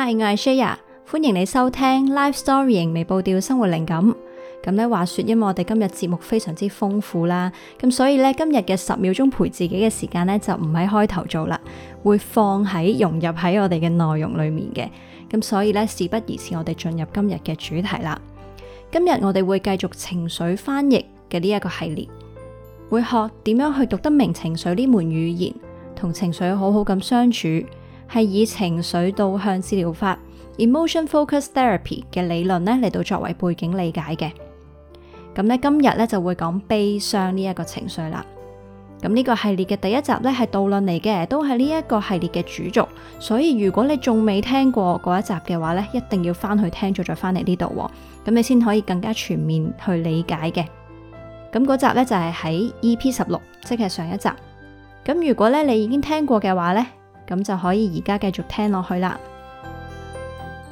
嗨，Hi, 我係 Shaya，歡迎你收聽 Live Storying 微步調生活靈感。咁咧，話說，因為我哋今日節目非常之豐富啦，咁所以咧今日嘅十秒鐘陪自己嘅時間咧就唔喺開頭做啦，會放喺融入喺我哋嘅內容裏面嘅。咁所以咧，事不宜遲，我哋進入今日嘅主題啦。今日我哋會繼續情緒翻譯嘅呢一個系列，會學點樣去讀得明情緒呢門語言，同情緒好好咁相處。係以情緒導向治療法 e m o t i o n f o c u s therapy） 嘅理論咧嚟到作為背景理解嘅。咁咧今日咧就會講悲傷呢一個情緒啦。咁呢個系列嘅第一集咧係導論嚟嘅，都係呢一個系列嘅主軸。所以如果你仲未聽過嗰一集嘅話咧，一定要翻去聽咗再翻嚟呢度，咁、哦、你先可以更加全面去理解嘅。咁嗰集咧就係、是、喺 E.P. 十六，即係上一集。咁如果咧你已經聽過嘅話咧，咁就可以而家繼續聽落去啦。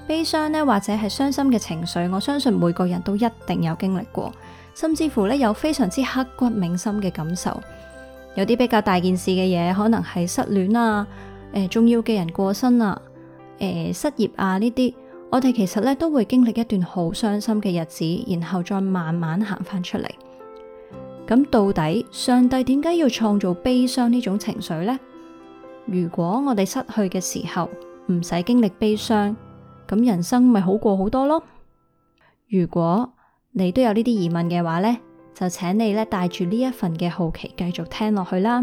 悲傷呢，或者係傷心嘅情緒，我相信每個人都一定有經歷過，甚至乎呢，有非常之刻骨銘心嘅感受。有啲比較大件事嘅嘢，可能係失戀啊，呃，重要嘅人過身啊，呃，失業啊呢啲，我哋其實呢，都會經歷一段好傷心嘅日子，然後再慢慢行翻出嚟。咁到底上帝點解要創造悲傷呢種情緒呢？如果我哋失去嘅時候，唔使經歷悲傷，咁人生咪好過好多咯？如果你都有呢啲疑問嘅話呢就請你呢帶住呢一份嘅好奇繼續聽落去啦。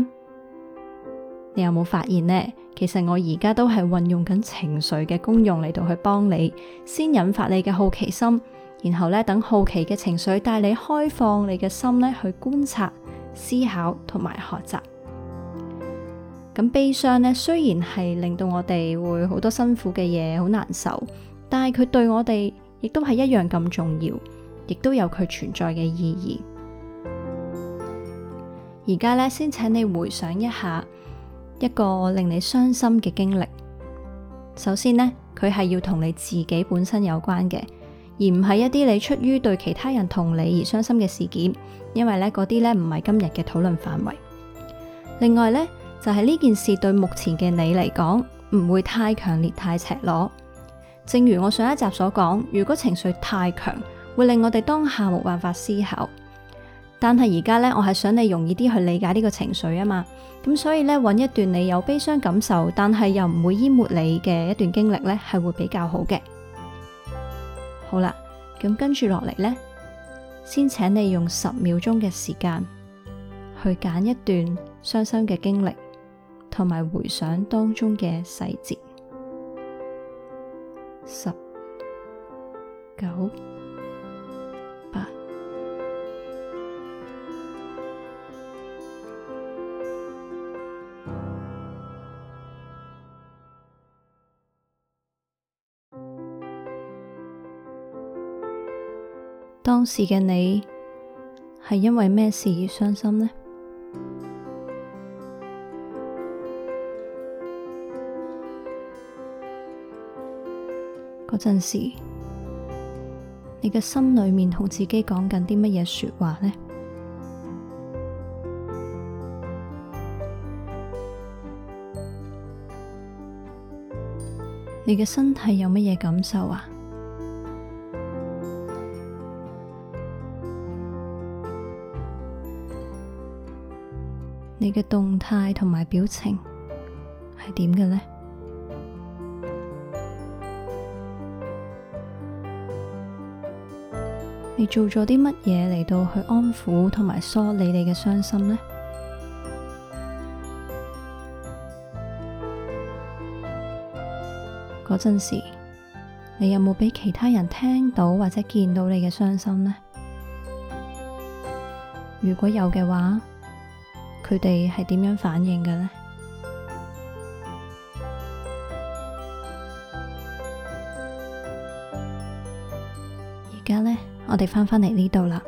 你有冇發現呢？其實我而家都係運用緊情緒嘅功用嚟到去幫你，先引發你嘅好奇心，然後呢，等好奇嘅情緒帶你開放你嘅心呢去觀察、思考同埋學習。咁悲傷呢，雖然係令到我哋會好多辛苦嘅嘢，好難受，但係佢對我哋亦都係一樣咁重要，亦都有佢存在嘅意義。而家呢，先請你回想一下一個令你傷心嘅經歷。首先呢，佢係要同你自己本身有關嘅，而唔係一啲你出於對其他人同你而傷心嘅事件，因為呢嗰啲呢唔係今日嘅討論範圍。另外呢。就係呢件事對目前嘅你嚟講唔會太強烈，太赤裸。正如我上一集所講，如果情緒太強，會令我哋當下冇辦法思考。但係而家呢，我係想你容易啲去理解呢個情緒啊嘛。咁所以呢，揾一段你有悲傷感受，但係又唔會淹沒你嘅一段經歷呢，係會比較好嘅。好啦，咁跟住落嚟呢，先請你用十秒鐘嘅時間，去揀一段傷心嘅經歷。同埋回想當中嘅細節，十、九、八，當時嘅你係因為咩事而傷心呢？陣時，你嘅心裏面同自己講緊啲乜嘢說話呢？你嘅身體有乜嘢感受啊？你嘅動態同埋表情係點嘅呢？你做咗啲乜嘢嚟到去安撫同埋梳理你嘅傷心呢？嗰陣時，你有冇俾其他人聽到或者見到你嘅傷心呢？如果有嘅話，佢哋係點樣反應嘅呢？你翻返嚟呢度啦。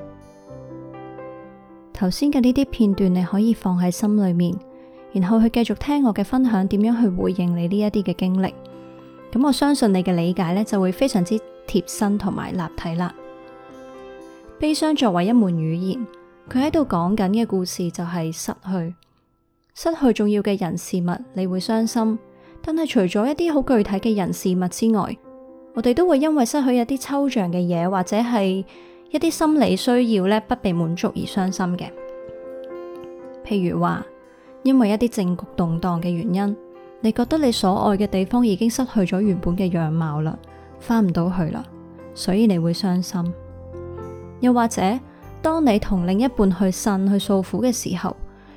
頭先嘅呢啲片段，你可以放喺心裏面，然後去繼續聽我嘅分享，點樣去回應你呢一啲嘅經歷。咁我相信你嘅理解呢，就會非常之貼身同埋立體啦。悲傷作為一門語言，佢喺度講緊嘅故事就係失去，失去重要嘅人事物，你會傷心。但係除咗一啲好具體嘅人事物之外，我哋都會因為失去一啲抽象嘅嘢，或者係一啲心理需要呢不被滿足而傷心嘅。譬如話，因為一啲政局動盪嘅原因，你覺得你所愛嘅地方已經失去咗原本嘅樣貌啦，返唔到去啦，所以你會傷心。又或者當你同另一半去呻去訴苦嘅時候，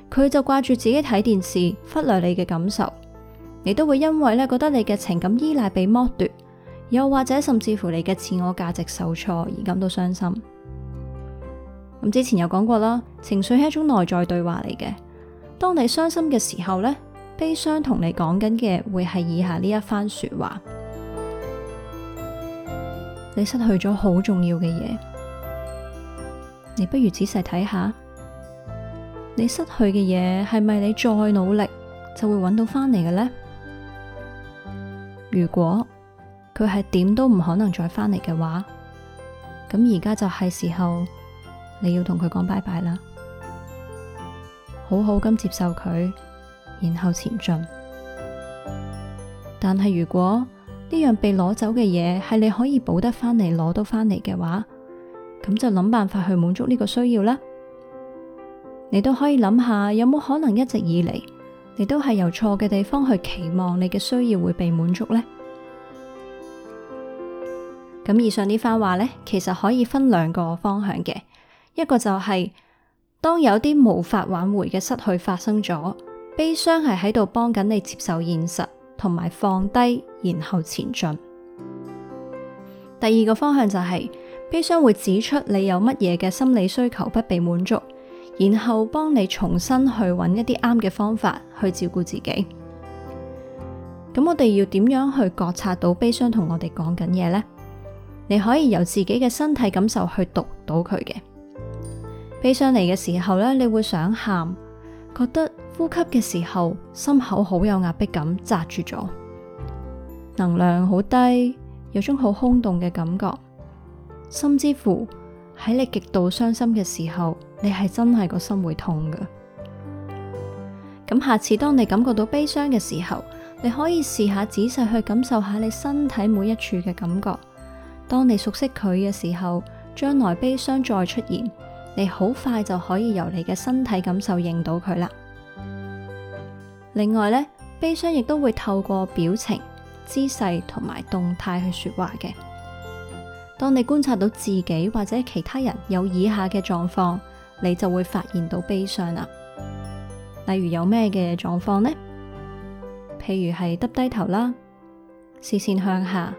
佢就掛住自己睇電視，忽略你嘅感受，你都會因為咧覺得你嘅情感依賴被剝奪。又或者甚至乎你嘅自我價值受挫而感到傷心。咁之前有講過啦，情緒係一種內在對話嚟嘅。當你傷心嘅時候呢，悲傷同你講緊嘅會係以下呢一番說話：「你失去咗好重要嘅嘢，你不如仔細睇下，你失去嘅嘢係咪你再努力就會揾到翻嚟嘅呢？」如果佢係點都唔可能再返嚟嘅話，咁而家就係時候你要同佢講拜拜啦，好好咁接受佢，然後前進。但係如果呢樣被攞走嘅嘢係你可以補得返嚟，攞到返嚟嘅話，咁就諗辦法去滿足呢個需要啦。你都可以諗下，有冇可能一直以嚟你都係由錯嘅地方去期望你嘅需要會被滿足呢？咁以上呢番話呢，其實可以分兩個方向嘅，一個就係當有啲無法挽回嘅失去發生咗，悲傷係喺度幫緊你接受現實，同埋放低，然後前進。第二個方向就係悲傷會指出你有乜嘢嘅心理需求不被滿足，然後幫你重新去揾一啲啱嘅方法去照顧自己。咁我哋要點樣去覺察到悲傷同我哋講緊嘢呢？你可以由自己嘅身體感受去讀到佢嘅悲傷嚟，嘅時候呢，你會想喊，覺得呼吸嘅時候心口好有壓迫感，窒住咗，能量好低，有種好空洞嘅感覺，甚至乎喺你極度傷心嘅時候，你係真係個心會痛㗎。咁下次當你感覺到悲傷嘅時候，你可以試下仔細去感受下你身體每一處嘅感覺。當你熟悉佢嘅時候，將來悲傷再出現，你好快就可以由你嘅身體感受認到佢啦。另外呢，悲傷亦都會透過表情、姿勢同埋動態去說話嘅。當你觀察到自己或者其他人有以下嘅狀況，你就會發現到悲傷啦。例如有咩嘅狀況呢？譬如係耷低頭啦，視線向下。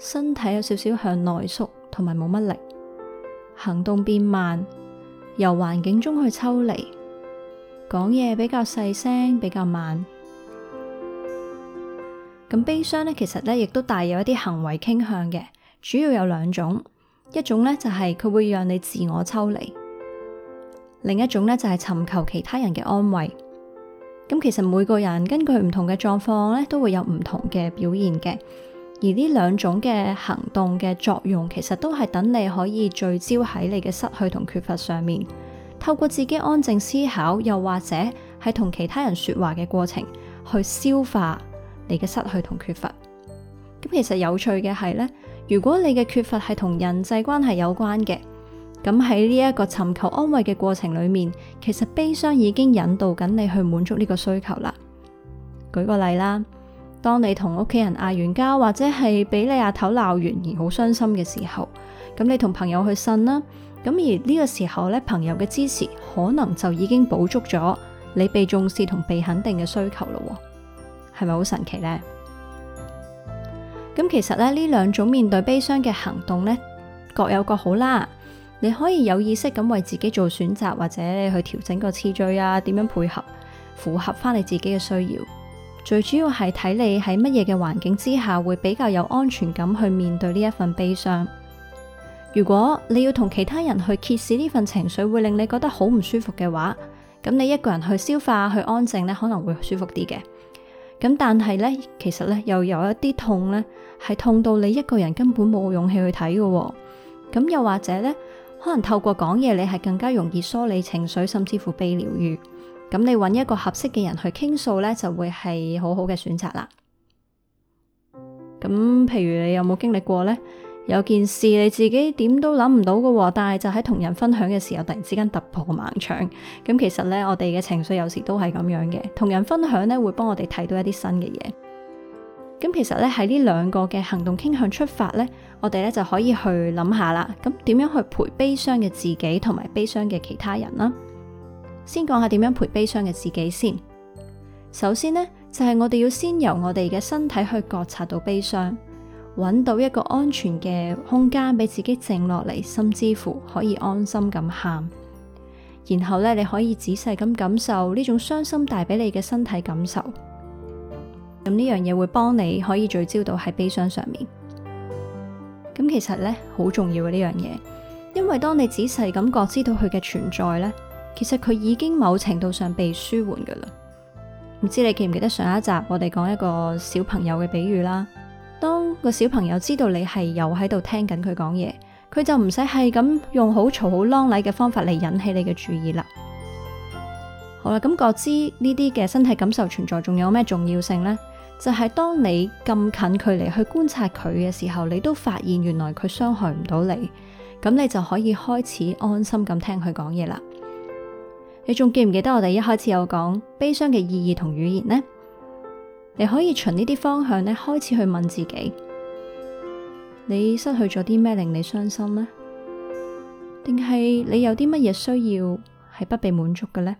身體有少少向內縮，同埋冇乜力，行動變慢，由環境中去抽離，講嘢比較細聲，比較慢。咁悲傷呢，其實呢亦都帶有一啲行為傾向嘅，主要有兩種，一種呢，就係、是、佢會讓你自我抽離，另一種呢，就係、是、尋求其他人嘅安慰。咁其實每個人根據唔同嘅狀況呢，都會有唔同嘅表現嘅。而呢兩種嘅行動嘅作用，其實都係等你可以聚焦喺你嘅失去同缺乏上面，透過自己安靜思考，又或者係同其他人說話嘅過程，去消化你嘅失去同缺乏。咁其實有趣嘅係呢，如果你嘅缺乏係同人際關係有關嘅，咁喺呢一個尋求安慰嘅過程裏面，其實悲傷已經引導緊你去滿足呢個需求啦。舉個例啦。當你同屋企人嗌完交，或者係俾你阿頭鬧完而好傷心嘅時候，咁你同朋友去呻啦。咁而呢個時候咧，朋友嘅支持可能就已經補足咗你被重視同被肯定嘅需求咯。係咪好神奇呢？咁其實咧呢兩種面對悲傷嘅行動咧，各有各好啦。你可以有意識咁為自己做選擇，或者你去調整個次序啊，點樣配合，符合翻你自己嘅需要。最主要係睇你喺乜嘢嘅環境之下會比較有安全感去面對呢一份悲傷。如果你要同其他人去揭示呢份情緒，會令你覺得好唔舒服嘅話，咁你一個人去消化、去安靜呢，可能會舒服啲嘅。咁但係呢，其實呢又有一啲痛呢，係痛到你一個人根本冇勇氣去睇嘅、哦。咁又或者呢，可能透過講嘢，你係更加容易梳理情緒，甚至乎被療愈。咁你揾一個合適嘅人去傾訴呢，就會係好好嘅選擇啦。咁譬如你有冇經歷過呢？有件事你自己點都諗唔到嘅，但係就喺同人分享嘅時候，突然之間突破個盲腸。咁其實呢，我哋嘅情緒有時都係咁樣嘅。同人分享呢，會幫我哋睇到一啲新嘅嘢。咁其實呢，喺呢兩個嘅行動傾向出發呢，我哋呢就可以去諗下啦。咁點樣去陪悲傷嘅自己，同埋悲傷嘅其他人啦？先講下點樣陪悲傷嘅自己先。首先呢，就係我哋要先由我哋嘅身體去覺察到悲傷，揾到一個安全嘅空間俾自己靜落嚟，甚至乎可以安心咁喊。然後咧，你可以仔細咁感受呢種傷心帶俾你嘅身體感受。咁呢樣嘢會幫你可以聚焦到喺悲傷上面。咁其實呢，好重要嘅呢樣嘢，因為當你仔細咁覺知道佢嘅存在呢。其實佢已經某程度上被舒緩㗎啦，唔知你記唔記得上一集我哋講一個小朋友嘅比喻啦。當個小朋友知道你係有喺度聽緊佢講嘢，佢就唔使係咁用好嘈好啷瀨嘅方法嚟引起你嘅注意啦。好啦，咁覺知呢啲嘅身體感受存在，仲有咩重要性呢？就係、是、當你咁近距離去觀察佢嘅時候，你都發現原來佢傷害唔到你，咁你就可以開始安心咁聽佢講嘢啦。你仲記唔記得我哋一開始有講悲傷嘅意義同語言呢？你可以循呢啲方向呢開始去問自己：你失去咗啲咩令你傷心呢？定係你有啲乜嘢需要係不被滿足嘅呢？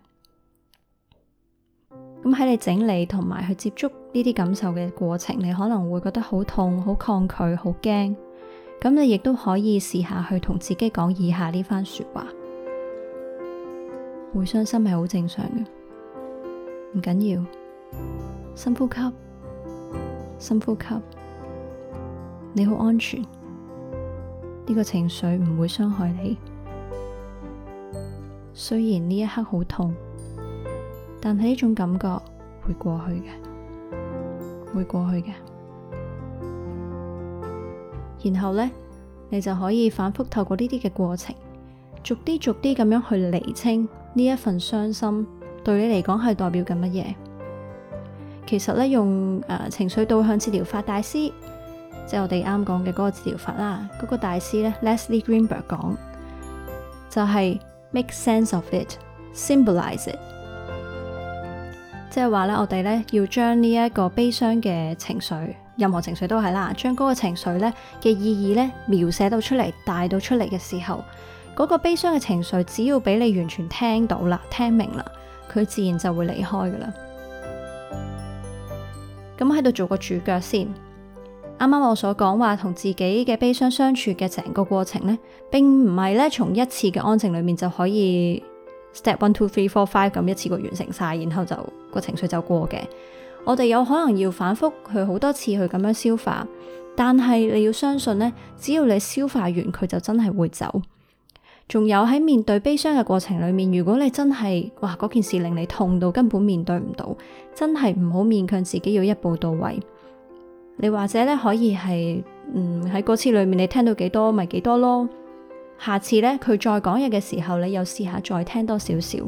咁喺你整理同埋去接觸呢啲感受嘅過程，你可能會覺得好痛、好抗拒、好驚。咁你亦都可以試下去同自己講以下呢番說話。會傷心係好正常嘅，唔緊要。深呼吸，深呼吸，你好安全。呢個情緒唔會傷害你。雖然呢一刻好痛，但係呢種感覺會過去嘅，會過去嘅。然後呢，你就可以反複透過呢啲嘅過程，逐啲逐啲咁樣去釐清。呢一份傷心對你嚟講係代表緊乜嘢？其實咧，用誒、呃、情緒導向治療法大師，即係我哋啱講嘅嗰個治療法啦，嗰、嗰個大師咧，Leslie Greenberg 講，就係、係、make sense of it，symbolize it，即係話咧，我哋咧要將呢一個悲傷嘅情緒，任何情緒都係啦，將嗰個情緒咧嘅意義咧描寫到出嚟，帶到出嚟嘅時候。嗰個悲傷嘅情緒，只要俾你完全聽到啦、聽明啦，佢自然就會離開噶啦。咁喺度做個註腳先。啱啱我所講話同自己嘅悲傷相處嘅成個過程呢，並唔係呢，從一次嘅安靜裏面就可以 step one two three four five 咁一次過完成晒，然後就個情緒就過嘅。我哋有可能要反覆去好多次去咁樣消化，但係你要相信呢，只要你消化完，佢就真係會走。仲有喺面對悲傷嘅過程裏面，如果你真係哇嗰件事令你痛到根本面對唔到，真係唔好勉強自己要一步到位。你或者咧可以係嗯喺嗰次裏面你聽到幾多咪幾、就是、多咯。下次咧佢再講嘢嘅時候，你又試下再聽多少少。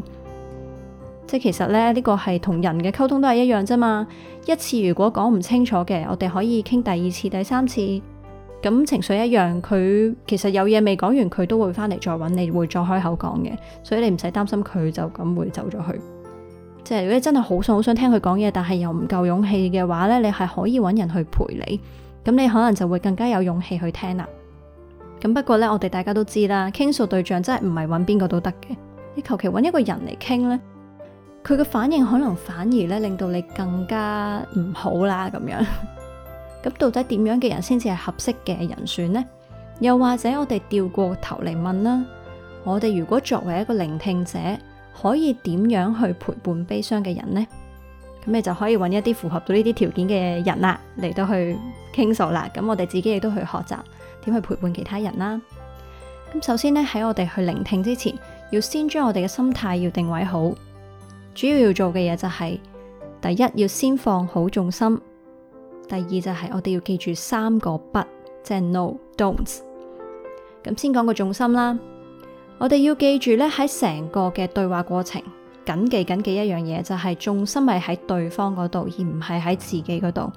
即係其實咧呢、呢個係同人嘅溝通都係一樣啫嘛。一次如果講唔清楚嘅，我哋可以傾第二次、第三次。咁情緒一樣，佢其實有嘢未講完，佢都會翻嚟再揾你，會再開口講嘅，所以你唔使擔心佢就咁會走咗去。即係如果你真係好想好想聽佢講嘢，但係又唔夠勇氣嘅話呢，你係可以揾人去陪你，咁你可能就會更加有勇氣去聽啦。咁不過呢，我哋大家都知啦，傾訴對象真係唔係揾邊個都得嘅，你求其揾一個人嚟傾呢，佢嘅反應可能反而咧令到你更加唔好啦，咁樣。咁到底點樣嘅人先至係合適嘅人選呢？又或者我哋掉過頭嚟問啦，我哋如果作為一個聆聽者，可以點樣去陪伴悲傷嘅人呢？咁你就可以揾一啲符合到呢啲條件嘅人啦，嚟到去傾訴啦。咁我哋自己亦都去學習點去陪伴其他人啦。咁首先呢，喺我哋去聆聽之前，要先將我哋嘅心態要定位好，主要要做嘅嘢就係，第一要先放好重心。第二就係我哋要記住三個不，即係 no，don't。咁先講個重心啦。我哋要記住咧，喺成個嘅對話過程，緊記緊記一樣嘢就係、是、重心係喺對方嗰度，而唔係喺自己嗰度。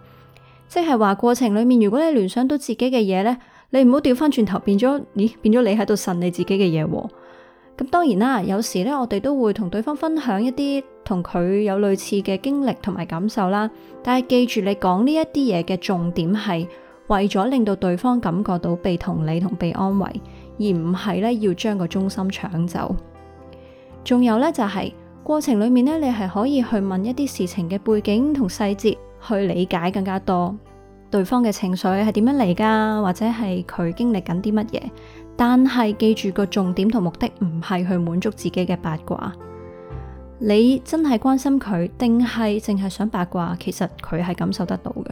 即係話過程裏面，如果你聯想到自己嘅嘢咧，你唔好掉翻轉頭，變咗，咦變咗你喺度呻你自己嘅嘢。咁當然啦，有時咧我哋都會同對方分享一啲。同佢有類似嘅經歷同埋感受啦，但係記住你講呢一啲嘢嘅重點係為咗令到對方感覺到被同理同被安慰，而唔係咧要將個中心搶走。仲有呢，就係過程裏面呢，你係可以去問一啲事情嘅背景同細節，去理解更加多對方嘅情緒係點樣嚟噶，或者係佢經歷緊啲乜嘢。但係記住個重點同目的唔係去滿足自己嘅八卦。你真係關心佢，定係淨係想八卦？其實佢係感受得到嘅。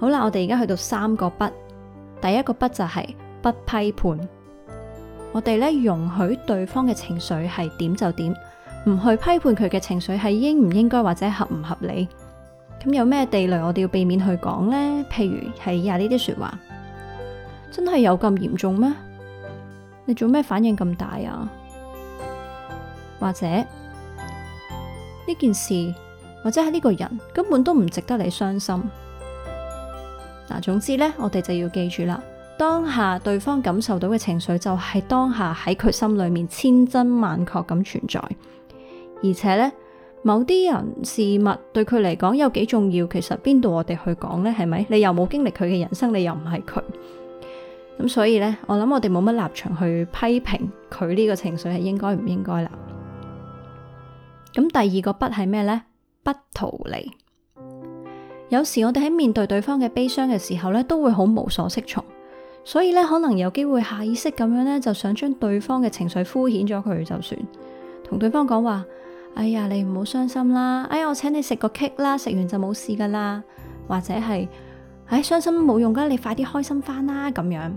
好啦，我哋而家去到三個不，第一個不就係不批判。我哋呢容許對方嘅情緒係點就點，唔去批判佢嘅情緒係應唔應該或者合唔合理。咁有咩地雷我哋要避免去講呢？譬如係呀呢啲說話，真係有咁嚴重咩？你做咩反應咁大啊？或者呢件事，或者係呢個人根本都唔值得你傷心嗱。總之呢，我哋就要記住啦。當下對方感受到嘅情緒，就係當下喺佢心裏面千真萬確咁存在。而且呢，某啲人事物對佢嚟講有幾重要，其實邊度我哋去講呢？係咪你又冇經歷佢嘅人生，你又唔係佢咁，所以呢，我諗我哋冇乜立場去批評佢呢個情緒係應該唔應該啦。咁第二個不係咩呢？「不逃離」。有時我哋喺面對對方嘅悲傷嘅時候呢，都會好無所適從，所以呢，可能有機會下意識咁樣呢，就想將對方嘅情緒敷衍咗佢就算，同對方講話，哎呀，你唔好傷心啦，哎呀，我請你食個 cake 啦，食完就冇事噶啦，或者係哎傷心冇用噶，你快啲開心翻啦咁樣。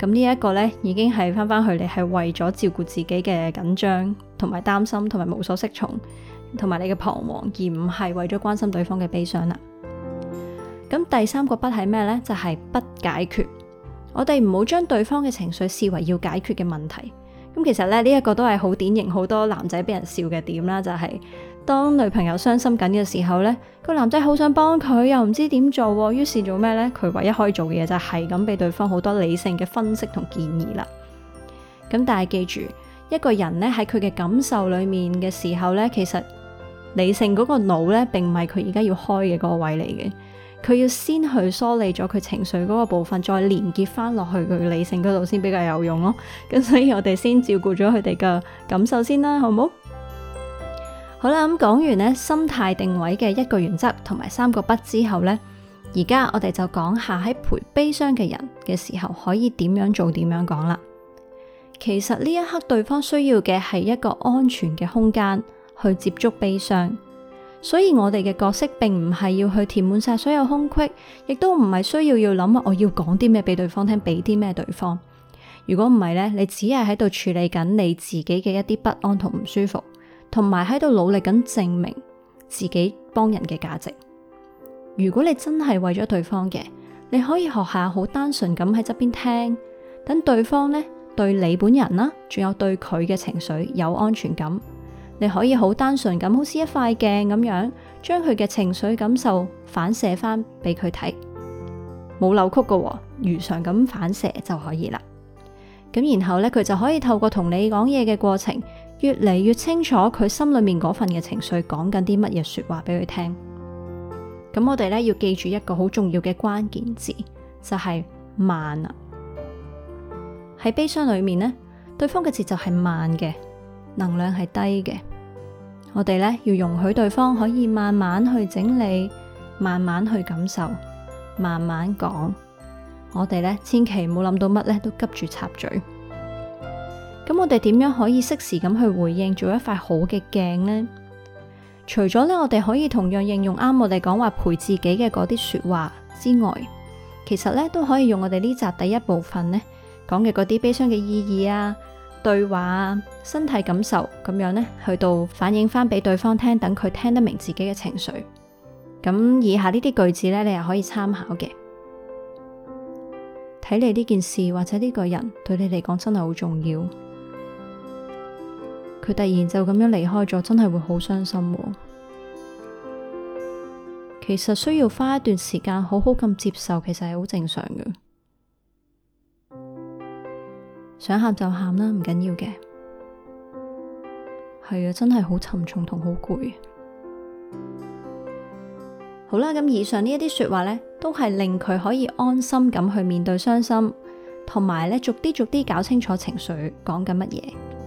咁呢一個呢，已經係翻返去你係為咗照顧自己嘅緊張，同埋擔心，同埋無所適從，同埋你嘅彷徨，而唔係為咗關心對方嘅悲傷啦。咁第三個不係咩呢？就係、是、不解決。我哋唔好將對方嘅情緒視為要解決嘅問題。咁其實咧呢一個都係好典型好多男仔俾人笑嘅點啦，就係當女朋友傷心緊嘅時候，呢個男仔好想幫佢，又唔知點做，於是做咩呢？佢唯一可以做嘅嘢就係咁俾對方好多理性嘅分析同建議啦。咁但係記住，一個人呢，喺佢嘅感受裏面嘅時候呢，其實理性嗰個腦呢，並唔係佢而家要開嘅嗰個位嚟嘅。佢要先去梳理咗佢情緒嗰個部分，再連結翻落去佢理性嗰度先比較有用咯，哦。咁所以我哋先照顧咗佢哋嘅感受先啦，好唔好？好啦，咁講完呢心態定位嘅一個原則同埋三個不之後呢，而家我哋就講下喺陪悲傷嘅人嘅時候可以點樣做點樣講啦。其實呢一刻對方需要嘅係一個安全嘅空間去接觸悲傷。所以我哋嘅角色並唔係要去填滿晒所有空隙，亦都唔係需要要諗，我要講啲咩俾對方聽，俾啲咩對方。如果唔係呢，你只係喺度處理緊你自己嘅一啲不安同唔舒服，同埋喺度努力緊證明自己幫人嘅價值。如果你真係為咗對方嘅，你可以學下好單純咁喺側邊聽，等對方呢，對你本人啦，仲有對佢嘅情緒有安全感。你可以好單純咁，好似一塊鏡咁樣，將佢嘅情緒感受反射翻俾佢睇，冇扭曲噶，哦，如常咁反射就可以啦。咁然後咧，佢就可以透過同你講嘢嘅過程，越嚟越清楚佢心裏面嗰份嘅情緒，講緊啲乜嘢說話俾佢聽。咁，嗯嗯、我哋咧要記住一個好重要嘅關鍵字，就係、是、慢啦。喺悲傷裏面呢，對方嘅節奏係慢嘅，能量係低嘅。我哋咧要容許對方可以慢慢去整理，慢慢去感受，慢慢講。我哋咧千祈唔好諗到乜咧都急住插嘴。咁我哋點樣可以適時咁去回應，做一塊好嘅鏡呢？除咗咧，我哋可以同樣應用啱我哋講話陪自己嘅嗰啲說話之外，其實咧都可以用我哋呢集第一部分呢講嘅嗰啲悲傷嘅意義啊。對話，身體感受，咁樣呢，去到反映翻俾對方聽，等佢聽得明自己嘅情緒。咁以下呢啲句子呢，你又可以參考嘅。睇嚟，呢件事或者呢個人對你嚟講真係好重要。佢突然就咁樣離開咗，真係會好傷心。其實需要花一段時間好好咁接受，其實係好正常嘅。想喊就喊啦，唔緊要嘅。係啊，真係好沉重同好攰。好啦，咁以上呢一啲說話呢，都係令佢可以安心咁去面對傷心，同埋呢逐啲逐啲搞清楚情緒講緊乜嘢。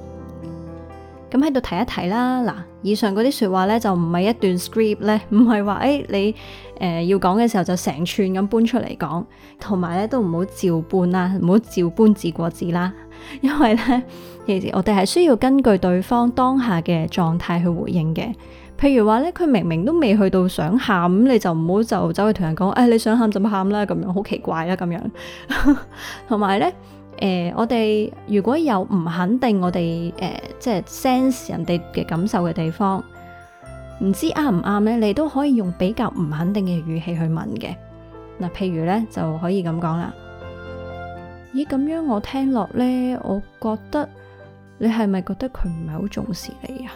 咁喺度提一提啦，嗱，以上嗰啲說話咧就唔係一段 script 咧，唔係話誒你誒、呃、要講嘅時候就成串咁搬出嚟講，同埋咧都唔好照搬啦，唔好照搬字過字啦，因為咧，其實我哋係需要根據對方當下嘅狀態去回應嘅。譬如話咧，佢明明都未去到想喊，咁你就唔好就走去同人講誒、哎、你想喊就喊啦，咁樣好奇怪啦，啊、咁樣，同埋咧。誒、呃，我哋如果有唔肯定我，我哋誒，即係 sense 人哋嘅感受嘅地方，唔知啱唔啱呢，你都可以用比較唔肯定嘅語氣去問嘅。嗱、呃，譬如咧就可以咁講啦。咦，咁樣我聽落呢，我覺得你係咪覺得佢唔係好重視你啊？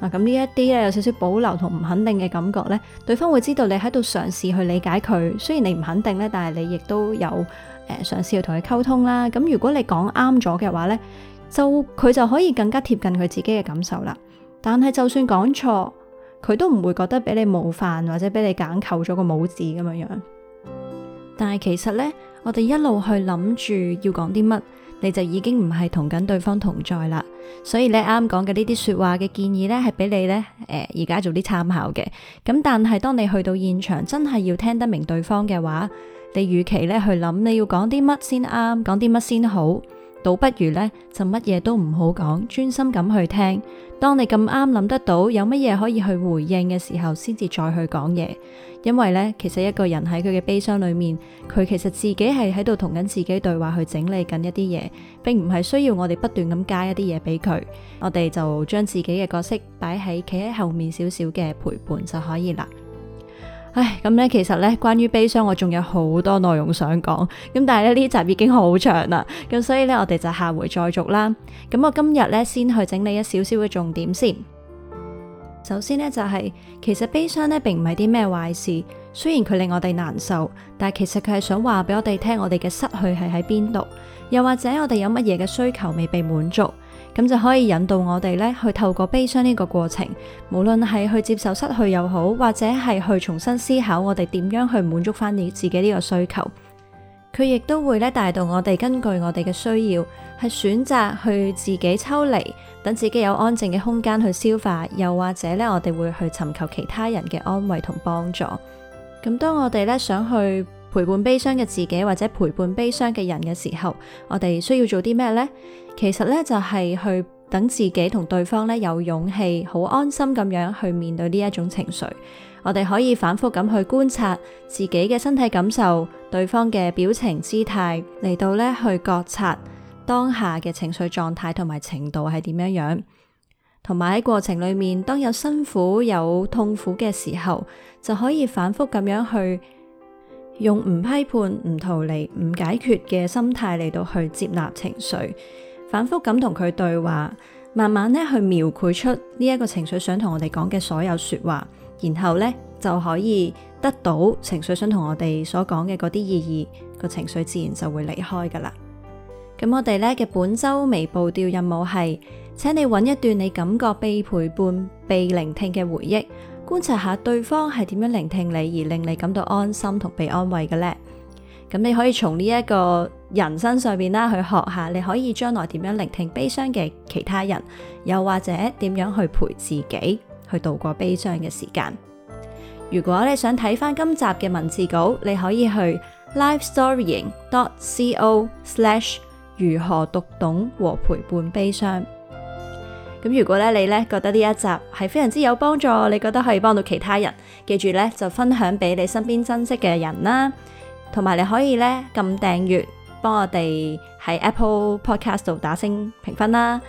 嗱、呃，咁呢一啲咧有少少保留同唔肯定嘅感覺呢，對方會知道你喺度嘗試去理解佢。雖然你唔肯定呢，但係你亦都有。誒，嘗試、呃、要同佢溝通啦。咁如果你講啱咗嘅話呢，就佢就可以更加貼近佢自己嘅感受啦。但係就算講錯，佢都唔會覺得俾你冒犯，或者俾你揀扣咗個冇字咁樣樣。但係其實呢，我哋一路去諗住要講啲乜，你就已經唔係同緊對方同在啦。所以咧，啱講嘅呢啲說話嘅建議呢，係俾你呢，誒、呃，而家做啲參考嘅。咁但係當你去到現場，真係要聽得明對方嘅話。你與其咧去諗，你要講啲乜先啱，講啲乜先好，倒不如咧就乜嘢都唔好講，專心咁去聽。當你咁啱諗得到有乜嘢可以去回應嘅時候，先至再去講嘢。因為咧，其實一個人喺佢嘅悲傷裏面，佢其實自己係喺度同緊自己對話，去整理緊一啲嘢，並唔係需要我哋不斷咁加一啲嘢俾佢。我哋就將自己嘅角色擺喺企喺後面少少嘅陪伴就可以啦。唉，咁呢，其實呢，關於悲傷，我仲有好多內容想講，咁但係咧呢集已經好長啦，咁所以呢，我哋就下回再續啦。咁我今日呢，先去整理一少少嘅重點先。首先呢，就是，就係其實悲傷呢並唔係啲咩壞事，雖然佢令我哋難受，但係其實佢係想話俾我哋聽，我哋嘅失去係喺邊度，又或者我哋有乜嘢嘅需求未被滿足。咁就可以引導我哋咧，去透過悲傷呢個過程，無論係去接受失去又好，或者係去重新思考我哋點樣去滿足翻你自己呢個需求。佢亦都會咧帶動我哋根據我哋嘅需要係選擇去自己抽離，等自己有安靜嘅空間去消化，又或者咧我哋會去尋求其他人嘅安慰同幫助。咁當我哋咧想去。陪伴悲傷嘅自己或者陪伴悲傷嘅人嘅時候，我哋需要做啲咩呢？其實咧就係去等自己同對方咧有勇氣，好安心咁樣去面對呢一種情緒。我哋可以反覆咁去觀察自己嘅身體感受、對方嘅表情姿態，嚟到咧去覺察當下嘅情緒狀態同埋程度係點樣樣。同埋喺過程裡面，當有辛苦有痛苦嘅時候，就可以反覆咁樣去。用唔批判、唔逃離、唔解決嘅心態嚟到去接納情緒，反覆咁同佢對話，慢慢咧去描繪出呢一個情緒想同我哋講嘅所有說話，然後咧就可以得到情緒想同我哋所講嘅嗰啲意義，個情緒自然就會離開噶啦。咁我哋咧嘅本周微步調任務係，請你揾一段你感覺被陪伴、被聆聽嘅回憶。觀察下對方係點樣聆聽你，而令你感到安心同被安慰嘅呢？咁你可以從呢一個人身上面啦，去學下你可以將來點樣聆聽悲傷嘅其他人，又或者點樣去陪自己去度過悲傷嘅時間。如果你想睇翻今集嘅文字稿，你可以去 lifestorying.co/ 如何讀懂和陪伴悲傷。咁如果咧你咧覺得呢一集係非常之有幫助，你覺得可以幫到其他人，記住咧就分享俾你身邊珍惜嘅人啦，同埋你可以咧撳訂閱，幫我哋喺 Apple Podcast 度打星評分啦。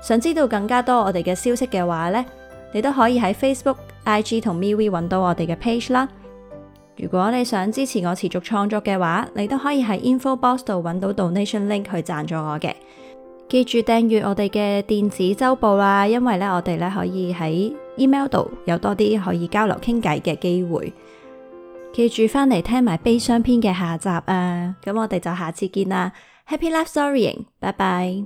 想知道更加多我哋嘅消息嘅話咧，你都可以喺 Facebook、IG 同 MeWe 揾到我哋嘅 page 啦。如果你想支持我持續創作嘅話，你都可以喺 InfoBox 度揾到 Donation Link 去贊助我嘅。記住訂閱我哋嘅電子週報啊，因為咧我哋咧可以喺 email 度有多啲可以交流傾偈嘅機會。記住返嚟聽埋《悲傷篇》嘅下集啊！咁我哋就下次見啦，Happy Love Storying，拜拜。